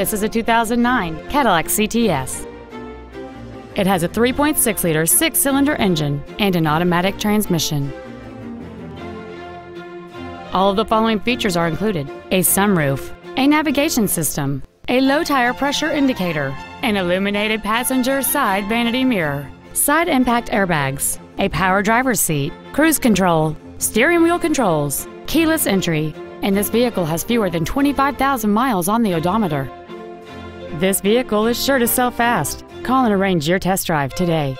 This is a 2009 Cadillac CTS. It has a 3.6-liter six-cylinder engine and an automatic transmission. All of the following features are included. A sunroof, a navigation system, a low tire pressure indicator, an illuminated passenger side vanity mirror, side impact airbags, a power driver's seat, cruise control, steering wheel controls, keyless entry, and this vehicle has fewer than 25,000 miles on the odometer. This vehicle is sure to sell fast. Call and arrange your test drive today.